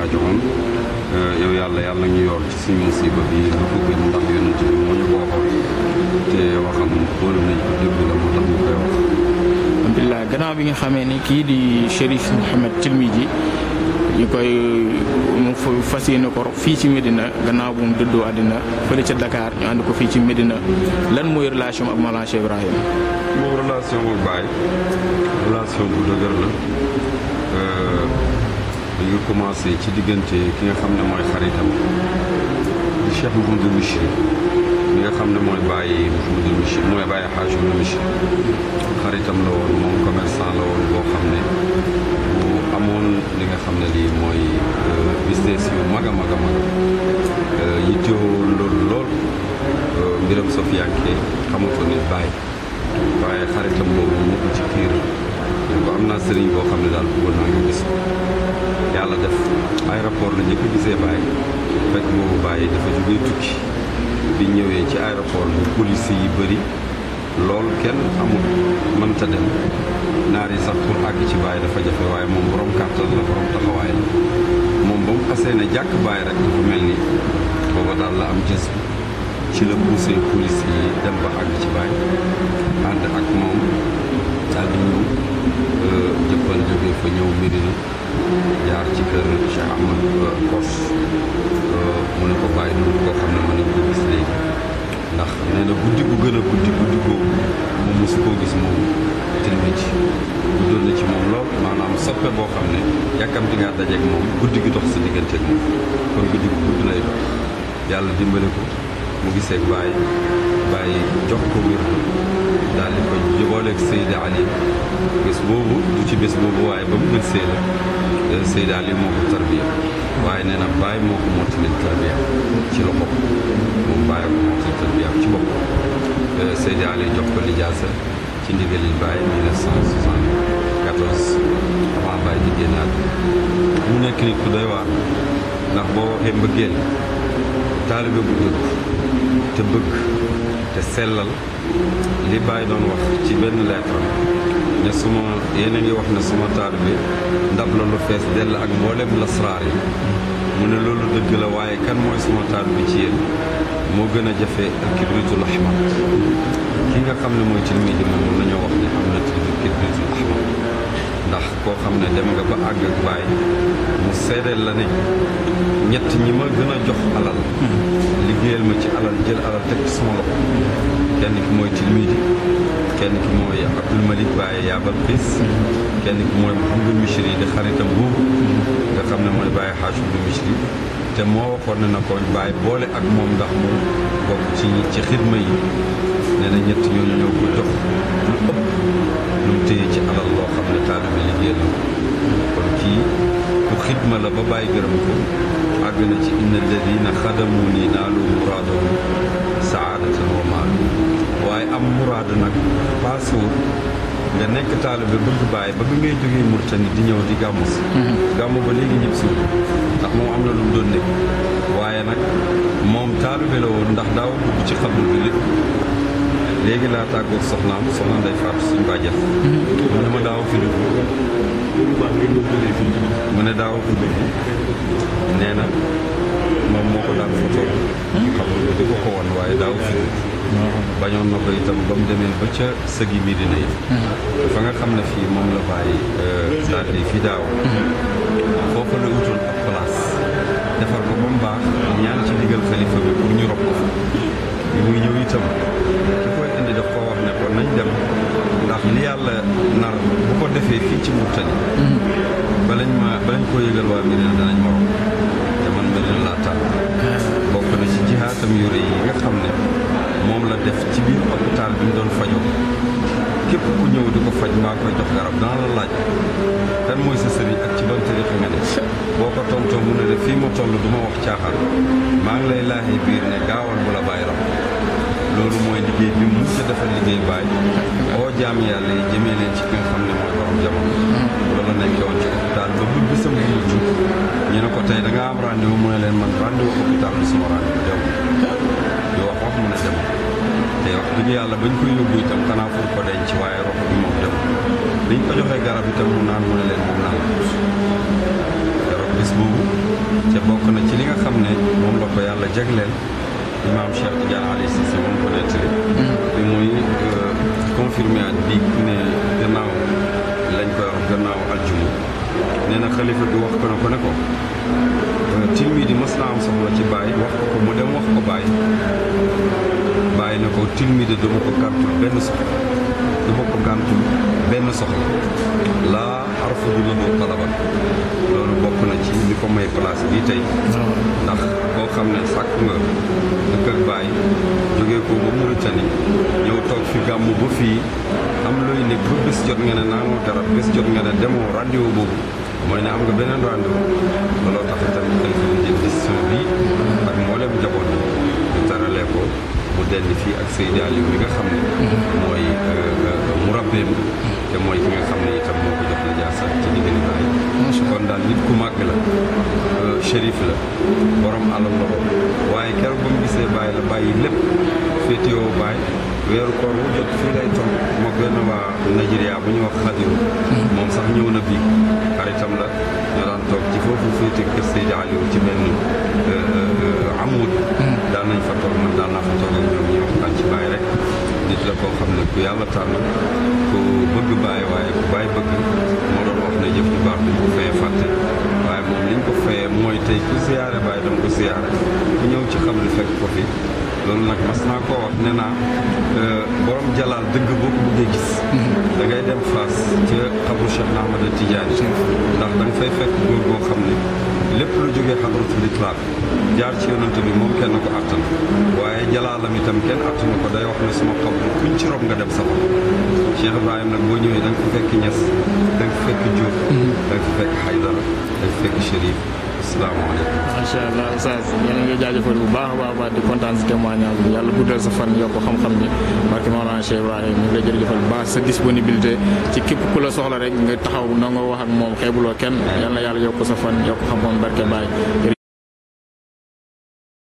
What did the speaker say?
aajo moom euh, yàlla yàlla ñu yor ci suñu musiba bi lu ko gën ndax yonent bi moo ñu ko te waxam wóolu gannaaw bi nga xamee ni kii di Chérif Mouhamed Tilmidji ñu koy mu fas yéene ko fii ci Medina gannaaw bu mu dëddoo àddina fële ca Dakar ñu ànd ko fii ci Medina lan mooy relation ak Maolana Ibrahim. moom relation bu dëgër la. Euh, dañu commencé ci diggante ki nga xam ne mooy xaritam di Cheikh Mouhamadou Bachir mi nga xam ne mooy bàyyi Mouhamadou Bachir mooy bàyyi Hadj xaritam la woon moom commerçant la woon boo xam ne bu amoon li nga xam ne lii mooy euh, business yu mag a mag a mag loolu euh, lool mbiram euh, Sofianke xamutoon nit bàyyi waaye xaritam boobu mu ko ci kiir naa boo xam ne daal bëggoon naa nga yàlla def aéroport la njëkk gisee Baye fekk boobu bi ñëwee ci aéroport bi bëri lool kenn amul mënta dem naar yi sax pour ci Baye dafa jafe waaye moom borom kàttan moom ba mu xasee ne jàkk Baye rek dafa mel ni booba daal la am jës ci la poussé police yi dem ba àgg ci Baye Joal jógee fa ñëw Médina jaar ci kër Cheikh Ahmad euh, Kos euh, mu ne ko bàyyi noonu koo xam ne mën nañ ko gis léegi ndax nee na guddi gu gën a guddi guddi googu moom mosu koo gis moom tilmi ci guddoon na ci moom lool maanaam soppe boo xam ne yàkkamti ngaa dajeeg moom guddi gi guddi gudd lay dox yàlla dimbale ko mu gisee bàyyi bàyyi jox ko wér daal di ko jubooleeg Seydi Ali bés boobu du ci bés boobu waaye ba mu mën see la Seydi Ali moo ko tarbiya waaye nee na bàyyi moo ko mottali tarbiya ci loxo moom bàyyi ko tarbiya ci bopp euh, Seydi bàyyi mu nekk nit ku doy waar ndax boo waxee mbëggeel taalibe bu bëgg te bëgg te sellal li Baye doon wax ci benn lettre ne suma yéen a ngi wax ne suma taal bi ndab la lu fees dell ak mboolem lasraar yi mu ne loolu dëgg la waaye kan mooy suma taal bi ci yéen moo gën a jafe ak kibritul ki nga xam ne mooy ci ji moom la ñoo wax ne am na tilmi kibritul ndax koo xam ne dem nga ba àgg ak Baye seedeel la ne ñett ñi ma gën a jox alal hmm. liggéeyal ma ci alal jël alal teg ci sama loxo kenn ki mooy tilmiidi kenn ki mooy abdul malik bàyyi yaabal bis hmm. kenn ki mooy muhammadu misri di xaritam boobu hmm. nga xam ne mooy bàyyi xaaju bu misri te moo waxoon ne na ko bàyyi boole ak moom ndax mu bokk ci ci xidma yi nee na ñett ñooñu ñoo ko jox lu ëpp lu mu téye ci alal loo ma la ba bàyyi gërëm ko àgg na ci inna alladina xadamu ni naalu muraadahum saadatan wa maal waaye am muraada nag paasuwut nga nekk taalibe bëgg bàyyi ba bi ngay jógee Murtani di ñëw di gàmmu si mhm. gàmmu ba léegi ñëpp si ndax moom am na lu doon nekk waaye nag moom taalibe la woon ndax daaw dugg ci xabru bi lépp léegi laa tàggoog soxnaam soxnaam day faatu suñu bàjjen. mu ne ma daaw fi dugg. mu ne daaw fi dugg nee na moom moo ko daan foto. xam nga di ko ko woon waaye daaw fi dugg. bañoon na ko itam ba demee ba ca sëgi Medina yi. fa nga xam ne fii moom la bàyyi euh, daal di fi daaw. foofu la utul ak place. defar ko ba mu baax ñaan ci digal xalifa bi pour ñu rob ko fa. bi muy ñëw itam. kon nañ dem ndax li yàlla nar bu ko defee fii ci Mourtani balañ mm-hmm. ba balañ koo yëgal waa Medina danañ ma romb te man Medina laa tànn bokk na ci jihaatam yu yi nga xam ne moom la def ci biir hôpital bi mu doon fajoo képp ku ñëw di ko faj maa koy jox garab dana la laaj kan mooy sa sëriñ ak ci ban tariixa nga ne boo ko tontoo mu ne de fii ma toll du ma wax caaxaan maa ngi lay laaxee biir ne gaawal liggéey bi mu sa defal liggéey baay oo jaam yàlla yi jëmee leen ci ki nga xam ne mooy borom jamono loolu la nekkee woon ci ba bu bisam bu mujj ñu ne ko tey da nga am rendez mu ne leen man rendez-vous hôpital bi sama rendez-vous jamono wax wax mën a dem te wax yàlla bañ koy yóbbu itam bi moom ko joxee garab itam mu naan mu ne leen moom naan te rox bis boobu te bokk na ci li nga xam ne moom la ko yàlla jagleel imaam Cheikh Tidiane Ali Cissé moom ko nettali muy euh, confirmé at bi ne gannaaw lañ koy wax gannaaw aljuma nee na xalifa bi wax ko ne ko ne ko euh, di mas naa am soxla ci bàyyi wax ko ko mu dem wax ko bàyyi bàyyi na ko tilmi di dama ko gàntul benn soxla dama ko gàntul benn soxla laa arfu du la doo talaban ko may place bi tey ndax koo xam ne sàkk nga dëkk ak baay jógee ko ba Mauritanie ñëw toog fi gàmm ba fii am looy nekk ba bés jot nga ne naanoo dara bés jot nga ne demoo radio boobu mooy ne am nga beneen rendez-vous looloo tax tamit tey fi jël décision bi ak mboolem njaboot yi ñu taralee mu denn fii ak sa Aliou mi nga xam ne mooy euh, euh, mu te mooy ki nga xam ne itam moo ko jox la jaar sax ci diggante baay kon daal nit ku màgg la shérif la borom alal la woon waaye keroog ba mu gisee bàyyi la bàyyi lépp féetewoo bàyyi weeru koor wu jot fii lay toog moo benn waa Nigeria bu ñu wax Xadiru moom sax ñëw na bii xaritam la ñu daan toog ci foofu féete kër Seydi Aliou ci benn euh, euh, euh, amuud daan nañ fa toog man daan naa fa toog ak ñoom ñu ci bàyyi rek nit la koo xam ne ku yàlla tànn ku bëgg bàyyi waaye ku bàyyi bëgg moo doon wax ne jëf baax duñ fee fàtte tey ku siyaare bàyyi dama ko siyaare ku ñëw ci xam li fekk ko fi loolu nag mas naa koo wax nee naa euh, borom jalaal dëgg boo ko bëggee gis mhm. da ngay dem Fass ca xabru Cheikh Ahmada Tidiane ndax da nga fay fekk góor boo xam ne lépp lu jógee xadratul itlaq jaar ci yonent bi moom kenn ko attan waaye jalaalam itam kenn attanu ko day wax ne suma xabru kuñ ci rob nga dem sa bopp Cheikh nag boo ñëwee da nga fa fekk ñes da fekk Diouf da fa fekk mhm. salaamaaleykum. macha allah Oustaz yéen a ngi jaajëfal bu baax a baax baax di kontaan si témoignage bi yàlla guddal sa fan yokk xam-xam bi barke Maolana Cheikh Ibrahima ñu ngi lay jërëjëfal bu baax sa disponibilité ci képp ku la soxla rek nga taxaw nangoo wax moom xeebuloo kenn yal na yàlla yokk sa fan yokk xam-xam barke Baye.